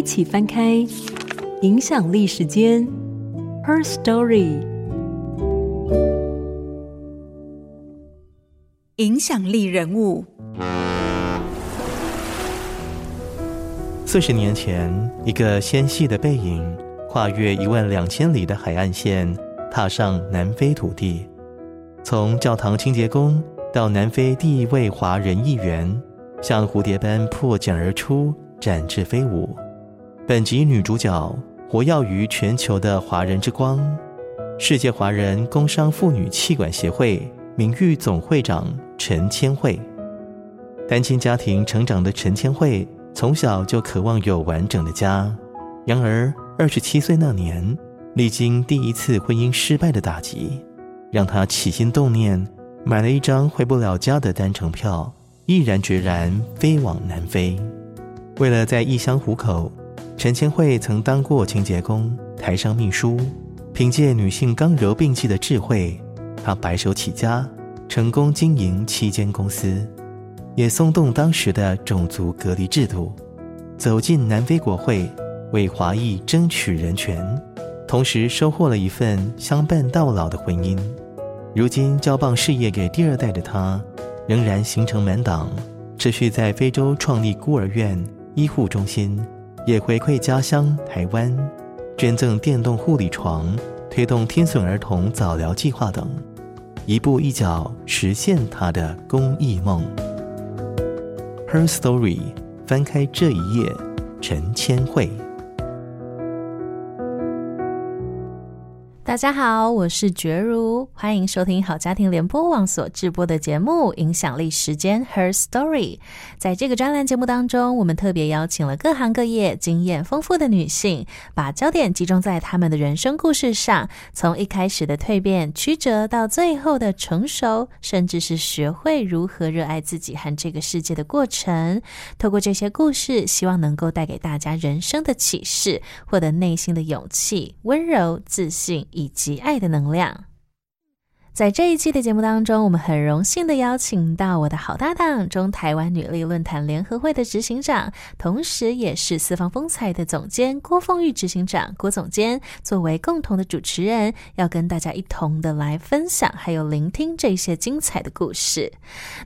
一起翻開《影響力時間》Her Story，影響力人物。四十年前，一個纖細的背影，跨越一萬兩千里的海岸線，踏上南非土地。從教堂清潔工到南非第一位華人議員，像蝴蝶般破繭而出，展翅飛舞。本集女主角活躍於全球的華人之光，世界華人工商婦女企管協會名譽總會長陳阡蕙，單親家庭成長的陳阡蕙從小就渴望有完整的家。然而，二十七歲那年，歷經第一次婚姻失敗的打擊，讓她起心動念，買了一張回不了家的單程票，毅然決然飛往南非，為了在異鄉糊口。陳阡蕙曾當過清潔工、台商秘書，憑借女性剛柔並濟的智慧，她白手起家，成功經營七間公司，也鬆動當時的種族隔離制度，走進南非國會，為華裔爭取人權，同時收穫了一份相伴到老的婚姻。如今交棒事業給第二代的她，仍然行程滿檔，持續在非洲創立孤兒院、醫護中心。也回饋家鄉台灣，捐贈電動護理床，推動聽損兒童早療計劃等，一步一腳實現他的公益夢。Her story，翻開這一頁，陳阡蕙。大家好，我是珏如，歡迎收聽好家庭聯播網所制播的節目《影響力時間 Her Story》。在這個專欄節目當中，我們特別邀請了各行各業經驗豐富的女性，把焦點集中在她們的人生故事上，從一開始的蛻變曲折，到最後的成熟，甚至是學會如何熱愛自己和這個世界的過程。透過這些故事，希望能夠帶給大家人生的啟示，獲得內心的勇氣、溫柔、自信，以及愛的能量。在這一期的節目當中，我們很榮幸的邀請到我的好搭檔，中台灣女力論壇聯合會的執行長，同時也是四方風采的總監郭鳳玉執行長，郭總監，作為共同的主持人，要跟大家一同的來分享，還有聆聽這些精彩的故事。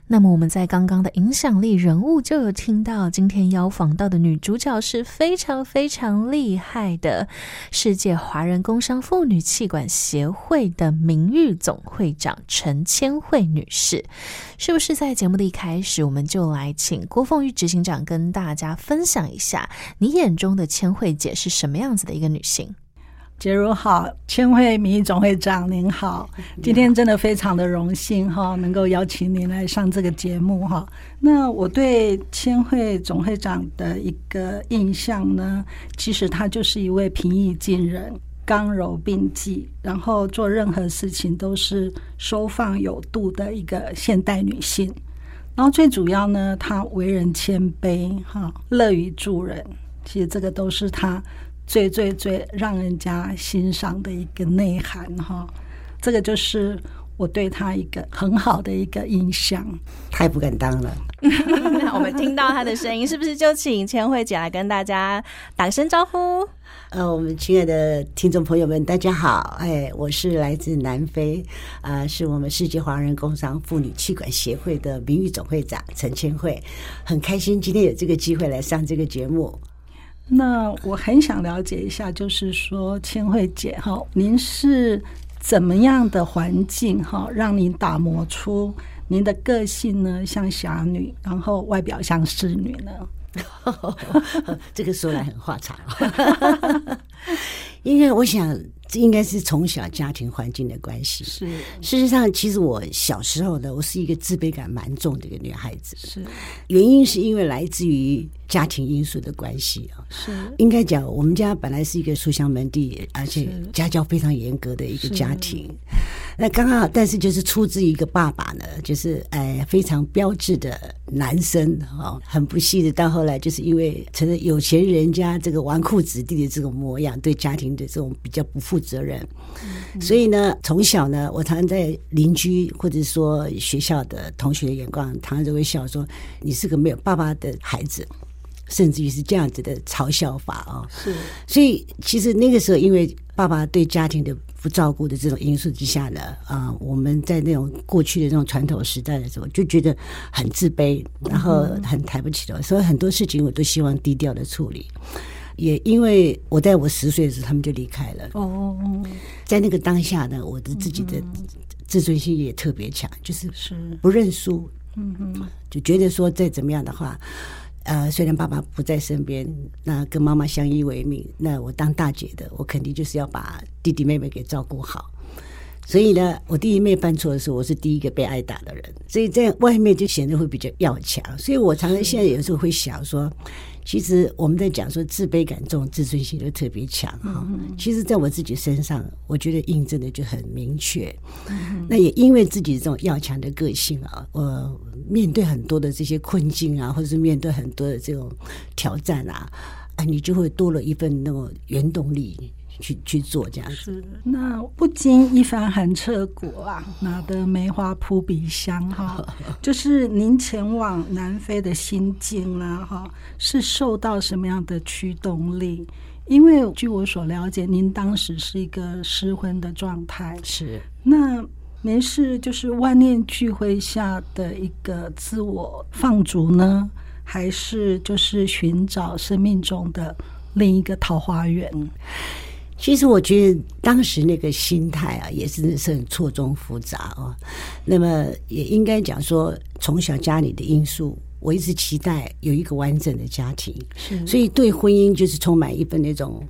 那麼我們在剛剛的影響力人物就有聽到，今天邀訪到的女主角是非常非常厲害的，世界華人工商婦女企管協會的名譽總會。會長陳阡蕙女士，是不是在節目的一開始，我們就來請郭鳳玉執行長跟大家分享一下，你眼中的阡蕙姐是什麼樣子的一個女性？珏如好，阡蕙名譽總會長您好，您好，今天真的非常的榮幸哈，能夠邀請您來上這個節目哈。那我對阡蕙總會長的一個印象呢，其實她就是一位平易近人，剛柔並濟，然後做任何事情都是收放有度的一個現代女性。然後最主要呢，她為人謙卑，哈，樂於助人。其實這個都是她最最最讓人家欣賞的一個內涵，哈。這個就是我對她一個很好的一個印象。太不敢當了 那我們聽到她的聲音， 是不是就請阡蕙姐來跟大家打聲招呼？呃，我們親愛的聽眾朋友們，大家好！哎，我是來自南非，啊、呃，是我們世界華人工商婦女企管協會的名譽總會長陳阡蕙，很開心今天有這個機會來上這個節目。那我很想了解一下，就是說阡蕙姐哈，您是怎麼樣的環境哈，讓您打磨出您的個性呢？像俠女，然後外表像侍女呢？ 這個說來很話長，因為我想這應該是從小家庭環境的關係。是，事實上，其實我小時候呢，我是一個自卑感蠻重的一個女孩子。是，原因是因為來自於家庭因素的關係啊。是，應該講我們家本來是一個書香門第，而且家教非常嚴格的一個家庭。那剛剛好，但是就是出自一個爸爸呢，就是哎非常標緻的男生啊、哦，很不幸的到後來就是因為成了有錢人家這個紈絝子弟的這種模樣，對家庭的這種比較不負責任、嗯，所以呢，從小呢，我常在鄰居或者說學校的同學的眼光，常常都會笑說，你是個沒有爸爸的孩子，甚至於是這樣子的嘲笑法啊、哦，是，所以其實那個時候因為爸爸對家庭的。不照顧的這種因素之下呢啊、呃，我們在那種過去的那種傳統時代的時候，就覺得很自卑，然後很抬不起頭、嗯，所以很多事情我都希望低調的處理。也因為我在我十歲的時候，他們就離開了哦，在那個當下呢，我的自己的自尊心也特別強，就是不認輸，嗯嗯，就覺得說再怎麼樣的話。呃，雖然爸爸不在身邊，那跟媽媽相依為命，那我當大姐的，我肯定就是要把弟弟妹妹給照顧好。所以呢，我弟弟妹犯錯的時候，我是第一個被挨打的人。所以在外面就顯得會比較要強。所以我常常現在有時候會想說。其實我們在講說自卑感重，自尊心就特別強哈。其實，在我自己身上，我覺得印證的就很明確。那也因為自己這種要強的個性啊、呃，我面對很多的這些困境啊，或者是面對很多的這種挑戰啊，哎，你就會多了一份那個原動力。去去做這樣是。那不經一番寒徹骨啊，哪 得梅花撲鼻香哈、啊？ 就是您前往南非的心境啊哈、啊，是受到什麼樣的驅動力？因為據我所了解，您當時是一個失婚的狀態，是 那您是就是萬念俱灰下的一個自我放逐呢？還是就是尋找生命中的另一個桃花源？其實我覺得當時那個心態啊，也是是很錯綜複雜啊、哦。那麼也應該講說，從小家裡的因素，我一直期待有一個完整的家庭，所以對婚姻就是充滿一份那種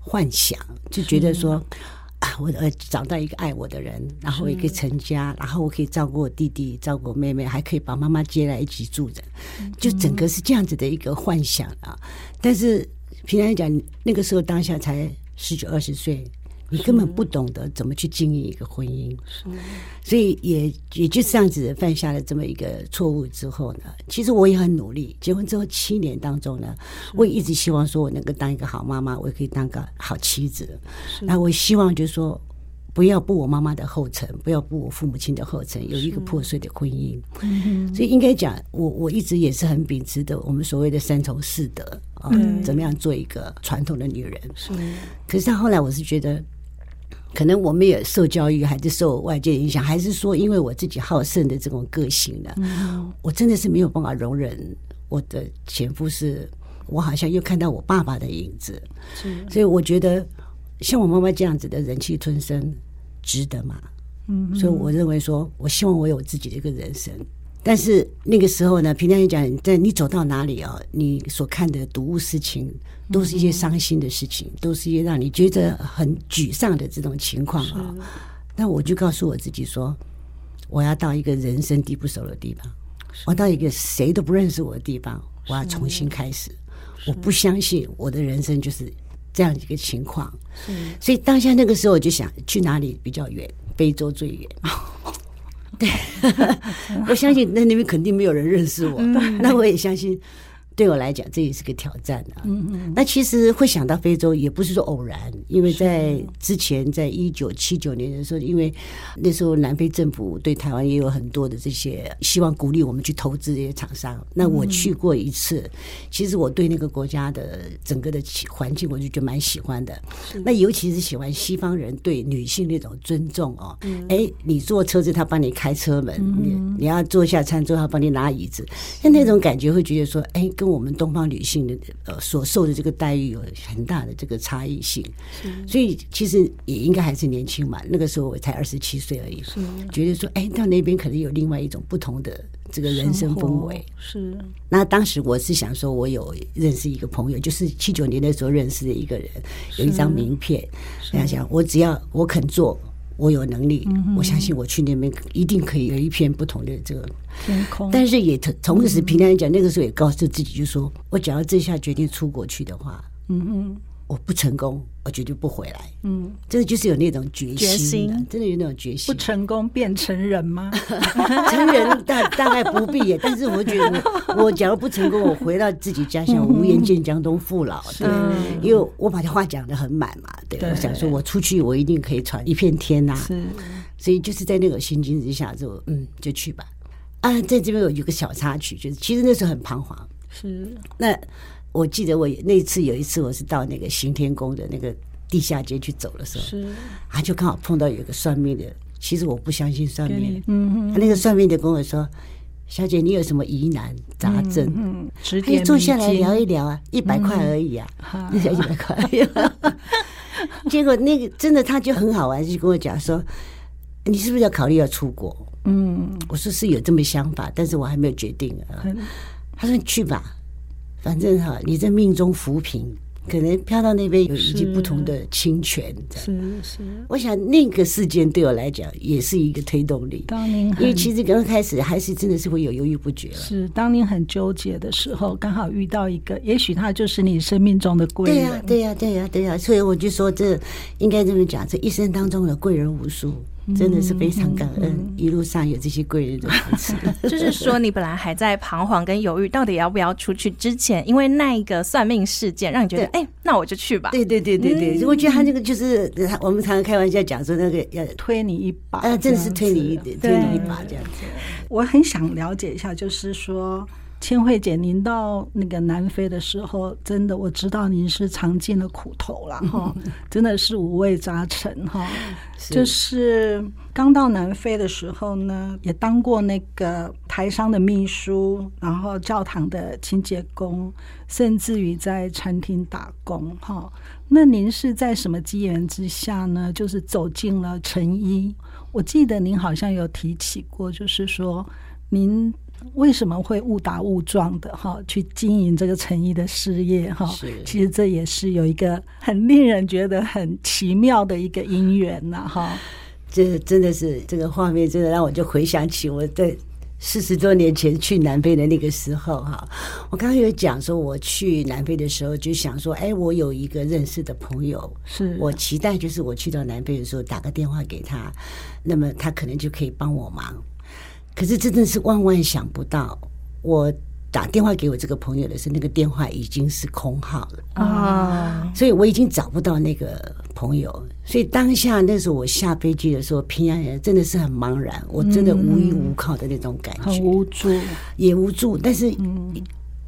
幻想，就覺得說，啊啊、我呃找到一個愛我的人，然後我可以成家，然後我可以照顧我弟弟、照顧我妹妹，還可以把媽媽接來一起住着，就整個是這樣子的一個幻想啊。但是平常來講那個時候，當下才，十九二十歲，你根本不懂得怎麼去經營一個婚姻。是，所以也也就這樣子犯下了這麼一個錯誤之後呢，其實我也很努力。結婚之後七年當中呢，我也一直希望說我能夠當一個好媽媽，我也可以當個好妻子，那我希望就是說。不要步我媽媽的後塵，不要步我父母親的後塵，有一個破碎的婚姻。嗯、所以應該講，我我一直也是很秉持的，我們所謂的三從四德啊、呃嗯，怎麼樣做一個傳統的女人。是可是到後來，我是覺得，可能我們也受教育，還是受外界影響，還是說因為我自己好勝的這種個性呢、嗯？我真的是沒有辦法容忍我的前夫是，我好像又看到我爸爸的影子。所以我覺得。像我媽媽這樣子的忍氣吞聲，值得嗎、嗯？所以我認為說，我希望我有我自己的一個人生。但是那個時候呢，平常也講，在你走到哪裡啊、哦，你所看的睹物思情，都是一些傷心的事情、嗯，都是一些讓你覺得很沮喪的這種情況啊。那我就告訴我自己說，我要到一個人生地不熟的地方，我到一個誰都不認識我的地方，我要重新開始。我不相信我的人生就是。這樣一個情況，所以當下那個時候我就想去哪裡比較遠，非洲最遠。 對， 我相信那裡面肯定沒有人認識我，嗯、那我也相信。對我來講，這也是個挑戰的、啊。嗯嗯。那其實會想到非洲也不是說偶然，因為在之前，在一九七九年的時候，因為那時候南非政府對台灣也有很多的這些希望鼓勵我們去投資這些廠商。那我去過一次，嗯、其實我對那個國家的整個的環境我就覺得蠻喜歡的。那尤其是喜歡西方人對女性那種尊重哦。哎，你坐車子，他幫你開車門，嗯嗯，你你要坐下餐桌，他幫你拿椅子，那那種感覺會覺得說，哎，跟。我們東方女性的呃所受的這個待遇有很大的這個差異性，所以其實也應該還是年輕嘛。那個時候我才二十七歲而已，覺得說哎、欸、到那邊可能有另外一種不同的這個人生氛圍。是，那當時我是想說，我有認識一個朋友，就是七九年的時候認識的一個人，有一張名片，想想我只要我肯做。我有能力，嗯，我相信我去那邊一定可以有一片不同的這個天空。但是也同時，平常講、嗯、那個時候也告訴自己，就說，我只要這下決定出國去的話，嗯嗯。我不成功，我絕對不回來。嗯，真的就是有那種決心、啊、決心，真的有那種決心。不成功便成仁嗎？ 成仁大大概不必耶。 但是我覺得我，我假如不成功，我回到自己家鄉、嗯，我無顏見江東父老。對，因為我把這話講得很滿嘛，對。對，我想說我出去，我一定可以闖一片天吶、啊。是，所以就是在那個心境之下，就嗯，就去吧。啊，在這邊我有個小插曲，就是其實那時候很彷徨。是，那。我記得我那一次有一次，我是到那個行天宮的那個地下街去走的時候，是啊，就剛好碰到有個算命的。其實我不相信算命，嗯嗯、啊，那個算命的跟我說：“小姐，你有什麼疑難雜症？嗯，可以坐下來聊一聊啊，一百塊而已啊，那一百塊。而已啊”啊、 結果那個真的，他就很好玩，就跟我講說：“你是不是要考慮要出國？”嗯，我說是有這麼想法，但是我還沒有決定啊。嗯、他說：“你去吧。”反正哈，你在命中浮萍，可能漂到那邊有一些不同的清泉，是是、是、是。我想那個事件對我來講也是一個推動力。當您因為其實剛開始還是真的是會有猶豫不決是，當你很糾結的時候，剛好遇到一個，也許他就是你生命中的貴人。對呀、啊，對呀、啊，對呀、啊，對呀、啊。所以我就說，這應該這麼講，這一生當中的貴人無數。真的是非常感恩，嗯嗯、一路上有這些貴人的事。就是說，你本來還在彷徨跟猶豫，到底要不要出去之前，因為那一個算命事件，讓你覺得，哎、欸，那我就去吧。對對對對對、嗯，我覺得他那個就是，我們常常開玩笑講說，那個要推你一把，真的是推你一點，推你一把這樣子。啊、樣子對對對，我很想了解一下，就是說。阡蕙姐，您到那個南非的時候，真的我知道您是嘗盡了苦頭了哈， 真的是五味雜陳哈。就是剛到南非的時候呢，也當過那個台商的秘書，然後教堂的清潔工，甚至於在餐廳打工哈、哦。那您是在什麼機緣之下呢？就是走進了成衣。我記得您好像有提起過，就是說您。為什麼會誤打誤撞的哈去經營這個成衣的事業哈？是，其實這也是有一個很令人覺得很奇妙的一個姻緣吶、啊、哈。這真的是這個畫面，真的讓我就回想起我在四十多年前去南非的那個時候哈。我剛剛有講說，我去南非的時候就想說，哎，我有一個認識的朋友，是我期待就是我去到南非的時候打個電話給他，那麼他可能就可以幫我忙。可是真的是萬萬想不到，我打電話給我這個朋友的時候，那個電話已經是空號了啊！所以我已經找不到那個朋友，所以當下那時候我下飛機的時候，平安人真的是很茫然，我真的無依無靠的那種感覺，嗯、無助也無助，但是，嗯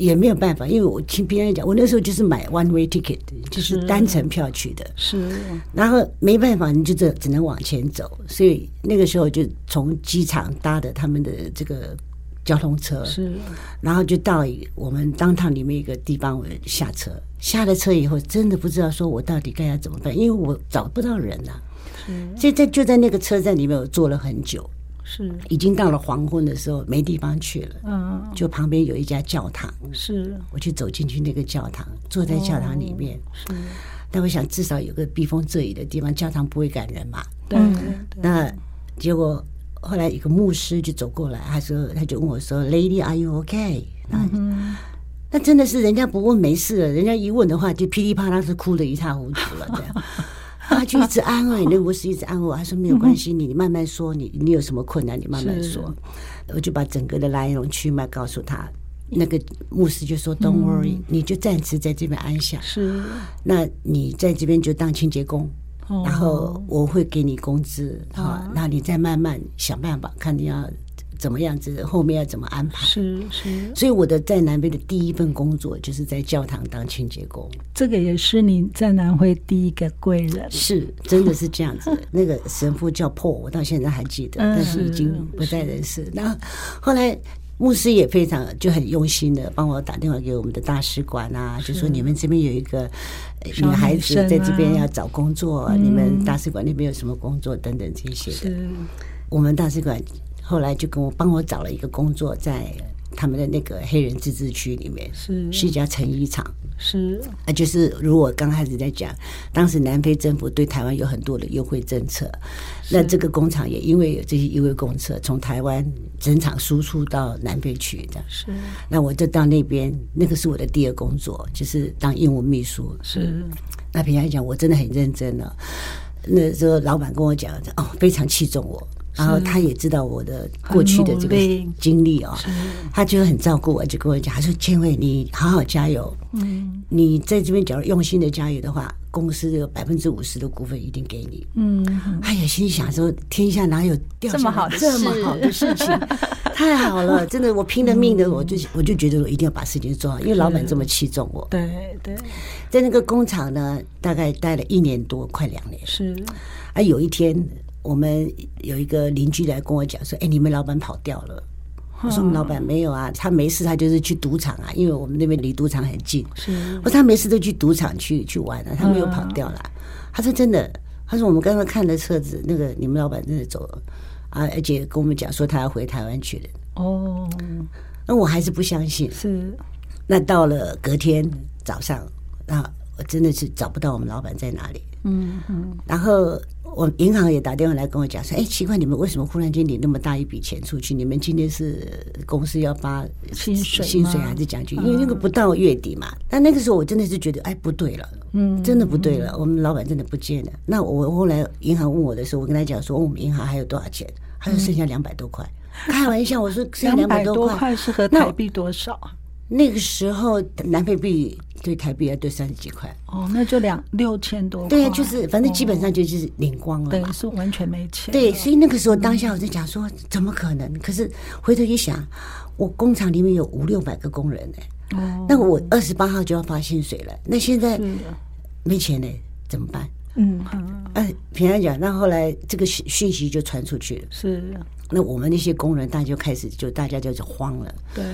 也沒有辦法，因為我聽別人講，我那時候就是買 one way ticket，就是單程票去的。是。然後沒辦法，你就只只能往前走，所以那個時候就從機場搭的他們的這個交通車。是。然後就到我們 down town 裡面一個地方，我下車。下了車以後，真的不知道說我到底該要怎麼辦，因為我找不到人吶。嗯。所以在就在那個車站裡面，我坐了很久。是，已經到了黃昏的時候，沒地方去了。嗯，就旁邊有一家教堂，是、嗯，我就走進去那個教堂，坐在教堂裡面。嗯、是，但我想至少有個避風遮雨的地方，教堂不會趕人嘛。對、嗯嗯。那結果後來一個牧師就走過來，他說：“他就問我說，Lady，Are you OK？” y 那、嗯、那真的是人家不問沒事了，人家一問的話，就噼里啪啦是哭得一塌糊塗了。這樣。 他就一直安慰那個牧師，啊、一直安慰、啊。他說：“沒有關係，你、嗯、你慢慢說，你你有什麼困難，你慢慢說。”我就把整個的來龍去脈告訴他。那個牧師就說、嗯、：“Don't worry，你就暫時在這邊安下。是，那你在這邊就當清潔工、嗯，然後我會給你工資好，那、嗯你，嗯、你再慢慢想辦法，看你要。”怎麼樣子？後面要怎麼安排？是是。所以我的在南非的第一份工作就是在教堂當清潔工。這個也是你在南非第一個貴人。是，真的是這樣子。那個神父叫 Paul，我到現在還記得、嗯，但是已經不在人世。那後，後來牧師也非常就很用心的幫我打電話給我們的大使館啊，就說你們這邊有一個女、啊、女孩子在這邊要找工作、啊嗯，你們大使館那邊有什麼工作等等這些的。是我們大使館。後來就跟我幫我找了一個工作，在他們的那個黑人自治區裡面，是是一家成衣廠，是啊，就是如我剛開始在講，當時南非政府對台灣有很多的優惠政策，那這個工廠也因為有這些優惠政策，從台灣整廠輸出到南非去的，是。那我就到那邊，那個是我的第二工作，就是當英文秘書，是。那平常講我真的很認真了、哦，那時候老板跟我講，哦，非常器重我。然後他也知道我的過去的這個經歷哦，他就很照顧我，就跟我講，他說：“阡蕙，你好好加油，嗯，你在這邊假如用心的加油的話，公司有百分之五十的股份一定給你。”嗯，哎呀，心裡想說：“天下哪有這麼好的這麼好的事情？太好了！真的，我拼了命的，我就我就覺得我一定要把事情做好，因為老板這麼器重我。”對對，在那個工廠呢，大概待了一年多，快兩年。是啊，有一天。我們有一個鄰居來跟我講說：“哎、欸，你們老闆跑掉了。”我說：“我們老闆沒有啊，他沒事，他就是去賭場啊，因為我們那邊離賭場很近是。我說他沒事都去賭場去去玩了、啊，他沒有跑掉了。嗯”他說：“真的。”他說：“我們剛剛看的車子，那個你們老闆真的走了啊，而且跟我們講說他要回台灣去了。”哦，那我還是不相信。是，那到了隔天早上，嗯、啊。我真的是找不到我們老闆在哪裡。嗯嗯，然後我銀行也打電話來跟我講說：“哎，奇怪，你們為什麼忽然間領那麼大一筆錢出去？你們今天是公司要發薪水，薪水還是獎金？因為那個不到月底嘛。但那個時候我真的是覺得，哎，不對了，嗯，真的不對了。我們老闆真的不見了。那我後來銀行問我的時候，我跟他講說：我們銀行還有多少錢？還有剩下兩百多塊。開玩笑，我說剩下兩百多塊是和台幣多少那個時候南非幣。”對台幣要對三十幾塊哦，那就兩六千多塊。對啊，就是反正基本上就是領光了。哦，對，是完全沒錢對。對，所以那個時候當下我就講說，怎麼可能，嗯。可是回頭一想，我工廠裡面有五六百個工人嗯、欸哦，那我二十八號就要發薪水了，那現在沒錢嘞，欸，怎麼辦？嗯，哎、嗯啊，平安講，那後來這個訊息就傳出去了，是、啊。那我們那些工人，大家就開始就大家就慌了。對。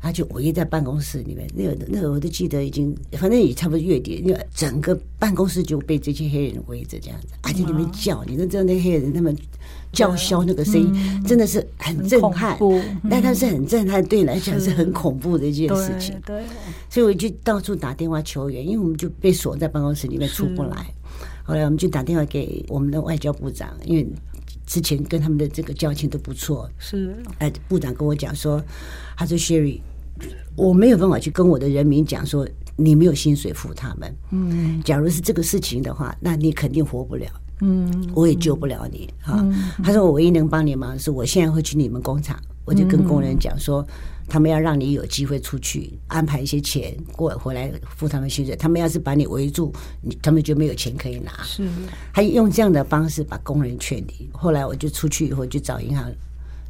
他就圍在辦公室裡面，那個那個，我都記得已經，反正也差不多月底，那個整個辦公室就被這些黑人圍着這樣子，而且裡面叫，你都知道那黑人他們叫囂那個聲音，真的是很震撼。但他是很震撼，對你來講是很恐怖的一件事情。對。所以我就到處打電話求援，因為我們就被鎖在辦公室裡面出不來。後來我們就打電話給我們的外交部長，因為。之前跟他們的這個交情都不錯，是。哎，部長跟我講說，他說：“Sherry，我沒有辦法去跟我的人民講說你沒有薪水付他們。嗯，假如是這個事情的話，那你肯定活不了。”嗯，我也救不了你、嗯、啊！他說：“我唯一能幫你忙的是，我現在會去你們工廠、嗯，我就跟工人講說，他們要讓你有機會出去、嗯，安排一些錢過來回來付他們薪水。他們要是把你圍住，你他們就沒有錢可以拿。”是，他用這樣的方式把工人勸你，後來我就出去以後，就找銀行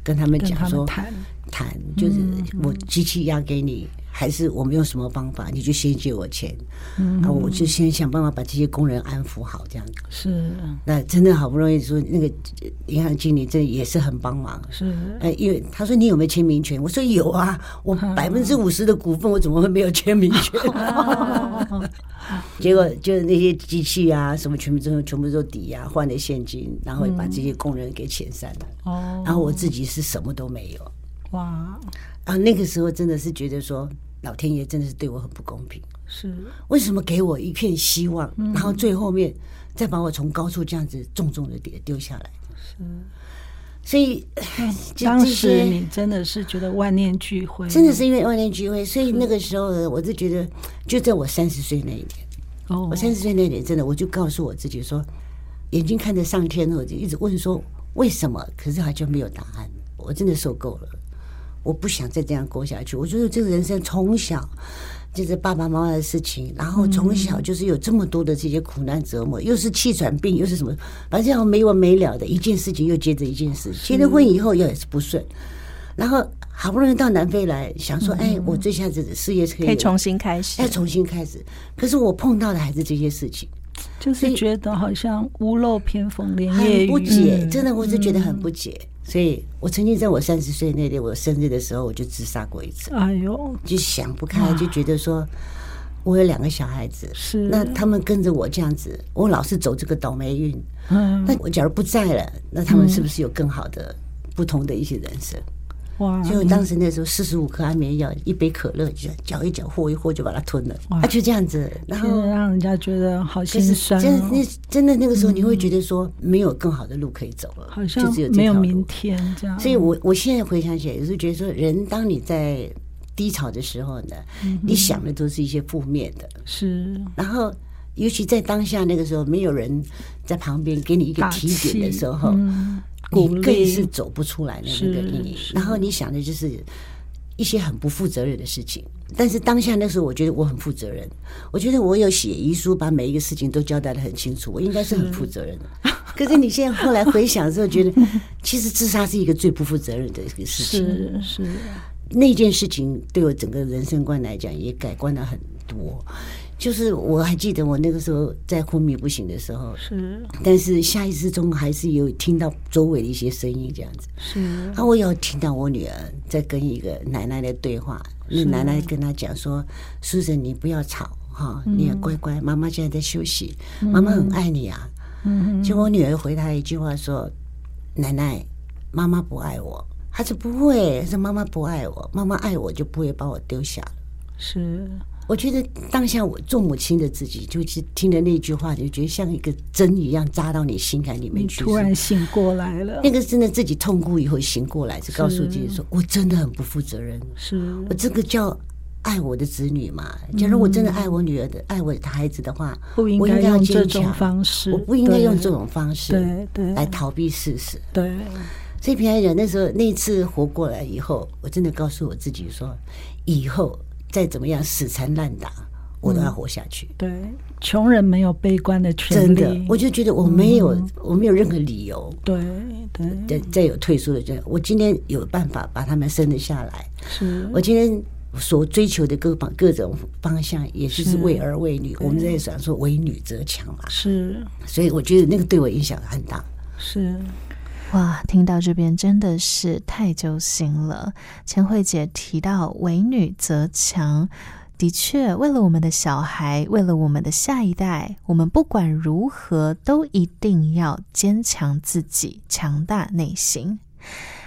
跟他們講說：“談，談，就是我機器押給你。嗯”嗯還是我們用什麼方法？你就先借我錢，後、嗯啊、我就先想辦法把這些工人安撫好，這樣子是。那真的好不容易說那個銀行經理，這也是很幫忙是。哎，因為他說你有沒有簽名權？我說有啊，我百分之五十的股份，我怎麼會沒有簽名權？嗯 啊啊啊啊、 結果就是那些機器啊，什麼全部都全部都抵押換了現金，然後也把這些工人給遣散了、嗯。哦，然後我自己是什麼都沒有。哇。啊，那個時候真的是覺得說，老天爺真的是對我很不公平，是為什麼給我一片希望，嗯、然後最後面再把我從高處這樣子重重的跌丟下來？是，所以、嗯、當時你真的是覺得萬念俱灰，真的是因為萬念俱灰，所以那個時候我就覺得，就在我三十歲那一年，哦，我三十歲那一年真的，我就告訴我自己說，哦、眼睛看着上天，我就一直問說為什麼，可是還就沒有答案，我真的受夠了。我不想再這樣過下去。我覺得這個人生從小就是爸爸媽媽的事情，然後從小就是有這麼多的這些苦難折磨，嗯、又是氣喘病，又是什麼，反正要沒完沒了的一件事情又接着一件事情。結了婚以後又也是不順，然後好不容易到南非來，想說，嗯、哎，我這下子的事業可，可以重新開始，哎，重新開始。可是我碰到的還是這些事情，就是覺得好像屋漏偏逢連夜雨，很不解，嗯、真的我是覺得很不解。嗯嗯所以，我曾經在我三十歲那年，我生日的時候，我就自殺過一次。哎呦，就想不開，就覺得說，我有兩個小孩子，是那他們跟着我這樣子，我老是走這個倒霉運。嗯，那我假如不在了，那他們是不是有更好的、不同的一些人生？哇、wow,！就當時那時候，四十五顆安眠藥，一杯可樂，就攪一攪，喝一喝，就把它吞了。哇！就這樣子，然後讓人家覺得好心酸、哦、真的那，真的那個時候，你會覺得說沒有更好的路可以走了，好、嗯、像就只有這條路，沒有明天這樣。所以我我現在回想起來，有時候覺得說，人當你在低潮的時候呢，嗯、你想的都是一些負面的，是。然後，尤其在當下那個時候，沒有人在旁邊給你一個提點的時候。你更是走不出來的那個意義，然後你想的就是一些很不負責任的事情。但是當下那時候，我覺得我很負責任，我覺得我有寫遺書，把每一個事情都交代得很清楚，我應該是很負責任的。可是你現在後來回想的時候，覺得其實自殺是一個最不負責任的一個事情。是是，那件事情對我整個人生觀來講，也改觀了很多。就是我還記得我那個時候在昏迷不醒的時候，是，但是下意識中還是有聽到周圍的一些聲音，這樣子。是啊，我有聽到我女兒在跟一個奶奶的對話，是那奶奶跟她講說：“書生，你不要吵哈、嗯，你要乖乖，媽媽現在在休息，媽、嗯、媽很愛你啊。”嗯嗯，就我女兒回她一句話說：“嗯、奶奶，媽媽不愛我。”孩子不會她說媽媽不愛我，媽媽愛我就不會把我丟下了。是。我覺得當下我做母親的自己，就是聽了那句話，就覺得像一個針一樣扎到你心坎裡面去。突然醒過來了，那個真的自己痛苦以後醒過來，就告訴自己說：“我真的很不負責任，是啊，我這個叫愛我的子女嘛。假如我真的愛我女兒的，嗯、愛我的孩子的話，不應該用這種方式，我,我不應該用這種方式，對對，來逃避事實。對，所以平安人那時候那一次活過來以後，我真的告訴我自己說，以後。”再怎麼樣死纏爛打，我都要活下去，嗯。對，窮人沒有悲觀的權利。真的，我就覺得我沒有，嗯、我沒有任何理由。對對，再有退縮的，這樣我今天有辦法把他們生得下來。是，我今天所追求的各方各種方向，也就是為兒為女。我們在想說為女則強嘛。是，所以我覺得那個對我影響很大。是。哇，聽到這邊真的是太揪心了。阡蕙姐提到“為女則強”，的確，為了我們的小孩，為了我們的下一代，我們不管如何都一定要堅強自己，強大內心。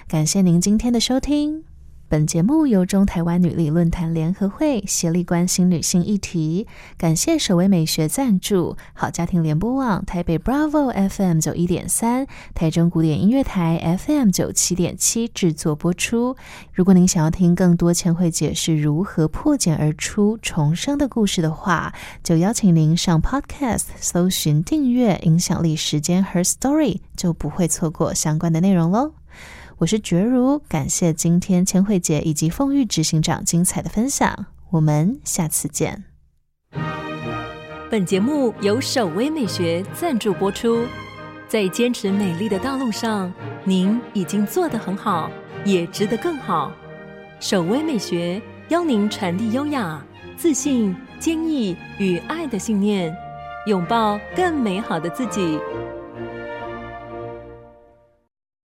感謝您今天的收聽。本節目由中台灣女力論壇聯合會協力關心女性議題，感謝守葳美學贊助，好家庭聯播網、台北 Bravo FM 九一點三、台中古典音樂台 FM 九七點七製作播出。如果您想要聽更多阡蕙解釋如何破繭而出重生的故事的話，就邀請您上 Podcast 搜尋訂閱影響力時間 Her Story，就不會錯過相關的內容嘍。我是珏如，感謝今天阡蕙姐以及鳳玉執行長精彩的分享，我們下次見。本節目由守葳美學贊助播出，在堅持美麗的道路上，您已經做得很好，也值得更好。守葳美學邀您傳遞優雅、自信、堅毅與愛的信念，擁抱更美好的自己。